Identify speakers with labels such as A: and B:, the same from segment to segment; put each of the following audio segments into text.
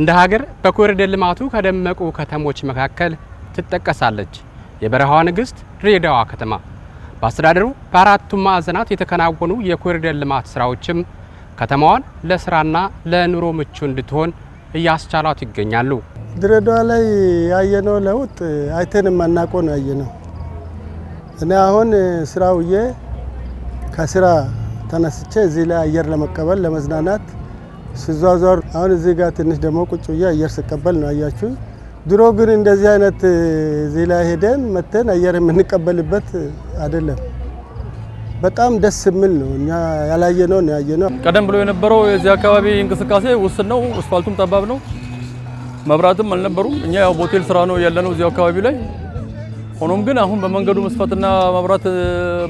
A: እንደ ሀገር በኮሪደር ልማቱ ከደመቁ ከተሞች መካከል ትጠቀሳለች የበረሃዋ ንግሥት ድሬዳዋ ከተማ። በአስተዳደሩ በአራቱም ማዕዘናት የተከናወኑ የኮሪደር ልማት ስራዎችም ከተማዋን ለስራና ለኑሮ ምቹ እንድትሆን እያስቻሏት ይገኛሉ።
B: ድሬዳዋ ላይ ያየነው ለውጥ አይተን የማናውቀው ነው ያየነው። እኔ አሁን ስራ ውዬ ከስራ ተነስቼ እዚህ ላይ አየር ለመቀበል ለመዝናናት ሲዟዟር አሁን እዚህ ጋር ትንሽ ደግሞ ቁጭ ብዬ አየር ስቀበል ነው አያችሁኝ። ድሮ ግን እንደዚህ አይነት እዚህ ላይ ሄደን መተን አየር የምንቀበልበት አይደለም። በጣም ደስ የሚል ነው። እኛ ያላየነው ነው ነው።
C: ቀደም ብሎ የነበረው የዚህ አካባቢ እንቅስቃሴ ውስን ነው። አስፋልቱም ጠባብ ነው። መብራትም አልነበሩም። እኛ ያው በሆቴል ስራ ነው ያለነው እዚህ አካባቢ ላይ። ሆኖም ግን አሁን በመንገዱ መስፋትና መብራት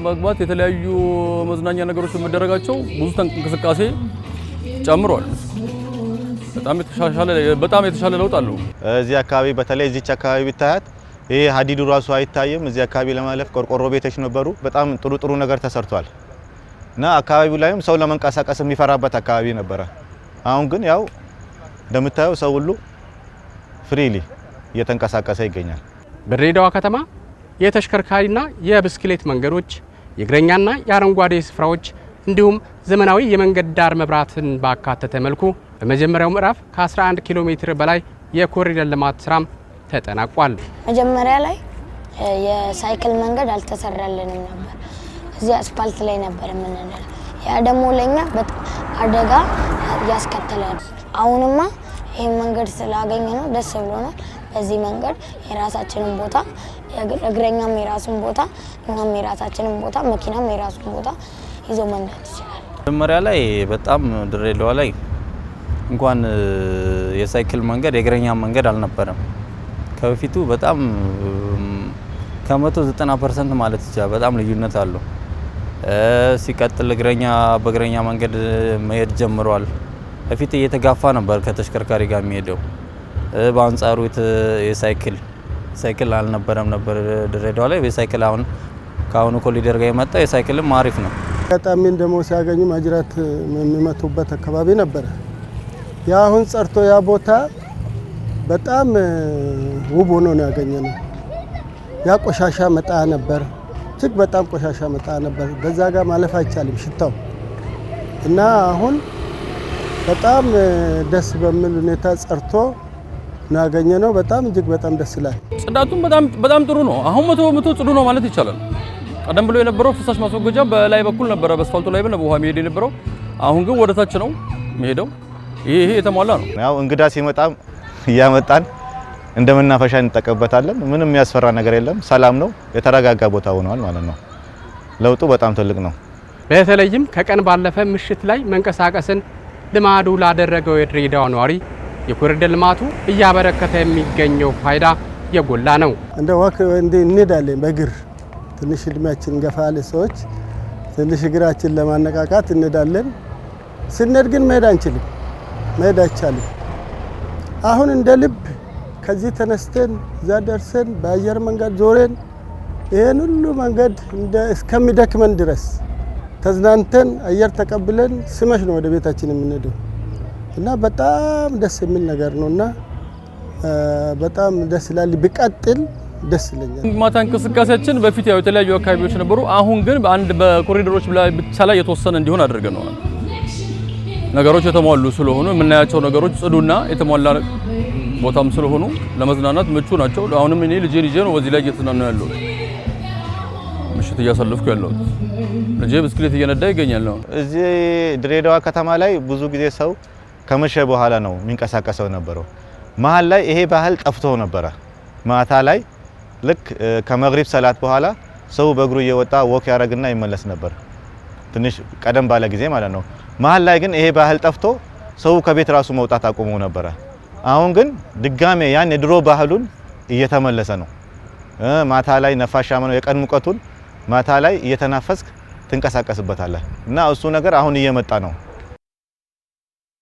C: መግባት የተለያዩ መዝናኛ ነገሮች የምደረጋቸው ብዙ እንቅስቃሴ ጨምሯል። በጣም የተሻሻለ በጣም የተሻለ ለውጥ አለው።
D: እዚህ አካባቢ በተለይ እዚች አካባቢ ብታያት ይሄ ሀዲዱ ራሱ አይታይም። እዚህ አካባቢ ለማለፍ ቆርቆሮ ቤቶች ነበሩ። በጣም ጥሩ ጥሩ ነገር ተሰርቷል እና አካባቢው ላይም ሰው ለመንቀሳቀስ የሚፈራበት አካባቢ ነበረ። አሁን ግን ያው እንደምታየው ሰው ሁሉ ፍሪሊ እየተንቀሳቀሰ ይገኛል።
A: በድሬዳዋ ከተማ የተሽከርካሪና የብስክሌት መንገዶች፣ የእግረኛና የአረንጓዴ ስፍራዎች እንዲሁም ዘመናዊ የመንገድ ዳር መብራትን ባካተተ መልኩ በመጀመሪያው ምዕራፍ ከ11 ኪሎ ሜትር በላይ የኮሪደር ልማት ስራም ተጠናቋል።
E: መጀመሪያ ላይ የሳይክል መንገድ አልተሰራልንም ነበር። እዚህ አስፓልት ላይ ነበር የምንንል። ያ ደግሞ ለእኛ አደጋ ያስከተላል። አሁንማ ይህን መንገድ ስላገኘ ነው ደስ ብሎናል። በዚህ መንገድ የራሳችንን ቦታ እግረኛም የራሱን ቦታ እኛም የራሳችንን ቦታ መኪናም የራሱን ቦታ ይዘው መናት ይችላል።
F: መጀመሪያ ላይ በጣም ድሬዳዋ ላይ እንኳን የሳይክል መንገድ የእግረኛ መንገድ አልነበረም። ከበፊቱ በጣም ከመቶ ዘጠና ፐርሰንት ማለት ይቻላል በጣም ልዩነት አለው። ሲቀጥል እግረኛ በእግረኛ መንገድ መሄድ ጀምሯል። በፊት እየተጋፋ ነበር ከተሽከርካሪ ጋር የሚሄደው። በአንጻሩ የሳይክል ሳይክል አልነበረም ነበር ድሬዳዋ ላይ። በሳይክል አሁን ከአሁኑ ኮሊደር ጋር የመጣ የሳይክልም አሪፍ ነው።
B: አጋጣሚን ደግሞ ሲያገኙ ማጅራት የሚመቱበት አካባቢ ነበረ። ያ አሁን ጸርቶ ያ ቦታ በጣም ውብ ሆኖ ነው ያገኘ ነው። ያ ቆሻሻ መጣ ነበር፣ እጅግ በጣም ቆሻሻ መጣ ነበር። በዛ ጋር ማለፍ አይቻልም ሽታው እና አሁን በጣም ደስ በሚል ሁኔታ ጸርቶ ነው ያገኘ ነው። በጣም እጅግ በጣም ደስ ይላል።
C: ጽዳቱም በጣም ጥሩ ነው። አሁን መቶ በመቶ ጽዱ ነው ማለት ይቻላል። ቀደም ብሎ የነበረው ፍሳሽ ማስወገጃ በላይ በኩል ነበረ፣ በአስፋልቱ ላይ በውሃ መሄድ የነበረው አሁን ግን ወደ ታች ነው መሄደው። ይሄ የተሟላ ነው።
D: ያው እንግዳ ሲመጣ እያመጣን እንደ መናፈሻ እንጠቀምበታለን። ምንም የሚያስፈራ ነገር የለም። ሰላም ነው፣ የተረጋጋ ቦታ ሆኗል ማለት ነው። ለውጡ በጣም ትልቅ ነው።
A: በተለይም ከቀን ባለፈ ምሽት ላይ መንቀሳቀስን ልማዱ ላደረገው የድሬዳዋ ነዋሪ የኮሪደር ልማቱ እያበረከተ የሚገኘው ፋይዳ የጎላ ነው።
B: እንደ ወክ እንሄዳለን በእግር ትንሽ እድሜያችን ያለ ሰዎች ትንሽ እግራችን ለማነቃቃት እንዳለን ስነድ ግን መሄድ አንችልም፣ መሄድ አይቻልም። አሁን እንደ ልብ ከዚህ ተነስተን እዛ ደርሰን በአየር መንገድ ዞረን ይህን ሁሉ መንገድ እስከሚደክመን ድረስ ተዝናንተን አየር ተቀብለን ስመሽ ነው ወደ ቤታችን የምንሄደው እና በጣም ደስ የሚል ነገር ነው እና በጣም ደስ ይላል። ቢቀጥል ደስ ይለኛል።
C: ማታ እንቅስቃሴያችን በፊት ያው የተለያዩ አካባቢዎች ነበሩ። አሁን ግን በአንድ በኮሪደሮች ብቻ ላይ የተወሰነ እንዲሆን አድርገነዋል። ነገሮች የተሟሉ ስለሆኑ የምናያቸው ነገሮች ጽዱና የተሟላ ቦታም ስለሆኑ ለመዝናናት ምቹ ናቸው። አሁንም እኔ ልጄ ልጄ ነው በዚህ ላይ እየተዝናና ያለው ምሽት እያሳለፍኩ ያለሁት ልጄ ብስክሌት እየነዳ ይገኛል። ነው
D: እዚህ ድሬዳዋ ከተማ ላይ ብዙ ጊዜ ሰው ከመሸ በኋላ ነው የሚንቀሳቀሰው ነበረው። መሀል ላይ ይሄ ባህል ጠፍቶ ነበረ። ማታ ላይ ልክ ከመግሪብ ሰላት በኋላ ሰው በእግሩ እየወጣ ወክ ያደረግና ይመለስ ነበር፣ ትንሽ ቀደም ባለ ጊዜ ማለት ነው። መሀል ላይ ግን ይሄ ባህል ጠፍቶ ሰው ከቤት ራሱ መውጣት አቁሞ ነበረ። አሁን ግን ድጋሜ ያን የድሮ ባህሉን እየተመለሰ ነው። ማታ ላይ ነፋሻማ ነው፣ የቀን ሙቀቱን ማታ ላይ እየተናፈስክ ትንቀሳቀስበታለህ እና እሱ ነገር አሁን እየመጣ ነው።